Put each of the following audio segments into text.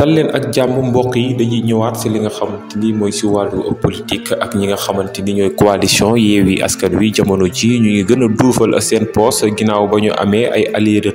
dal leen ak jàmm mbokk yi dañuy ñëwaat si li nga xamante ni mooy si wàllu politique ak ñi nga xamante ni ñooy coalition Yewwi Askan Wi jamono ji ñu ngi gën a duufal seen ginnaaw ba ñu amee ay alliés de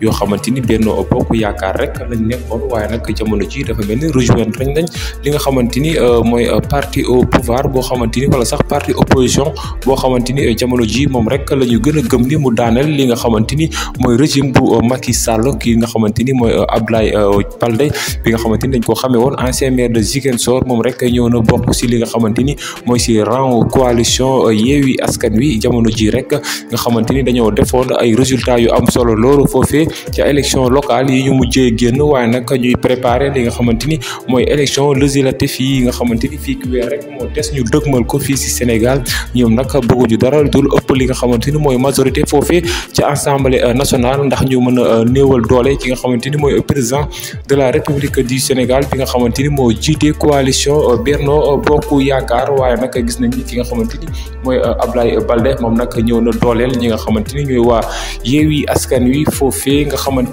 yoo xamante ni Benno Bokk Yaakaar rek lañ nekkoon waaye nag jamono ji dafa mel ni rejoindre nañ nañ li nga xamante ni euh, mooy euh, parti au boo xamante ni wala sax parti opposition boo xamante ni euh, jamono ji moom rek la ñu gën a gëm ni mu daaneel li nga xamante ni mooy régime bu Macky Sall ki nga xamante ni mooy Abdoulaye Baldé bi nga xamante ni dañ ko xamee woon ancien maire de Ziguinchor moom rek ñëw na bokk si li nga xamante ni mooy si rang coalition euh, Yewwi Askan Wi jamono ji rek nga xamante ni dañoo defoon ay résultats yu am solo loolu foofee ci élection locale yi ñu mujjee génn waaye nag ñuy préparer li nga xamante ni mooy élection législative yi nga xamante ni fii rek moo des ñu dëgmal ko fii si Sénégal ñoom nag bëgguñu dara dul ëpp li nga xamante ni mooy majorité foofee ci assemblée euh, nationale ndax ñu mën a euh, néewal doole ki nga xamante ni mooy président de la république République du Sénégal bi nga xamante ni moo jiite coalition euh, Benno Bokk Yaakaar waaye nag gis nañ ni ki nga xamante ni mooy euh, Ablaye Balde na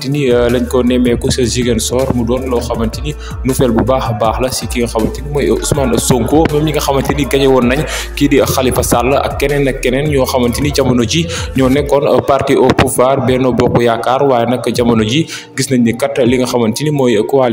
ñi euh, ko sa Ziguinchor mu doon loo xamante ni nouvelle bu baax a baax la si ki nga xamante ni mooy Ousmane Sonko même ñi nga xamante ni gañe woon nañ kii di Khalifa Sall ak keneen ak keneen ñoo xamante ni jamono ji ñoo nekkoon parti au pouvoir Benno Bokk Yaakaar waaye nag kat li nga xamante mooy coalition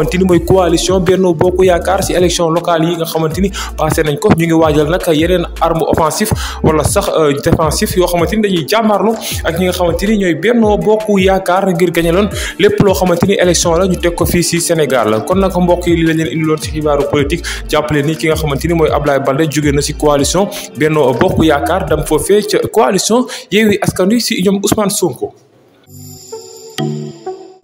xamante ni mooy coalition Benno Bokk Yaakaar si élection locale yi nga xamante ni passé nañ ko ñu ngi waajal nag yeneen arme offensif wala sax euh, défensif yoo xamante ni dañuy jàmmaarlu ak ñi nga xamante ni ñooy Benno Bokk Yaakaar ngir gañe loon lépp loo xamante ni élection la ñu teg ko fii si Sénégal kon nag mbokk yi li la leen indiloon si xibaaru politique jàppale ni ki nga xamante ni mooy Abdoulaye Baldé jóge na si coalition Benno bokku Yaakaar dam foofee ca coalition Yewwi Askan Wi si ñoom Ousmane Sonko